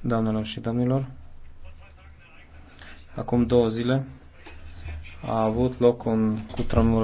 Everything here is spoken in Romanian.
doamnelor și domnilor. Acum două zile a avut loc un cutremur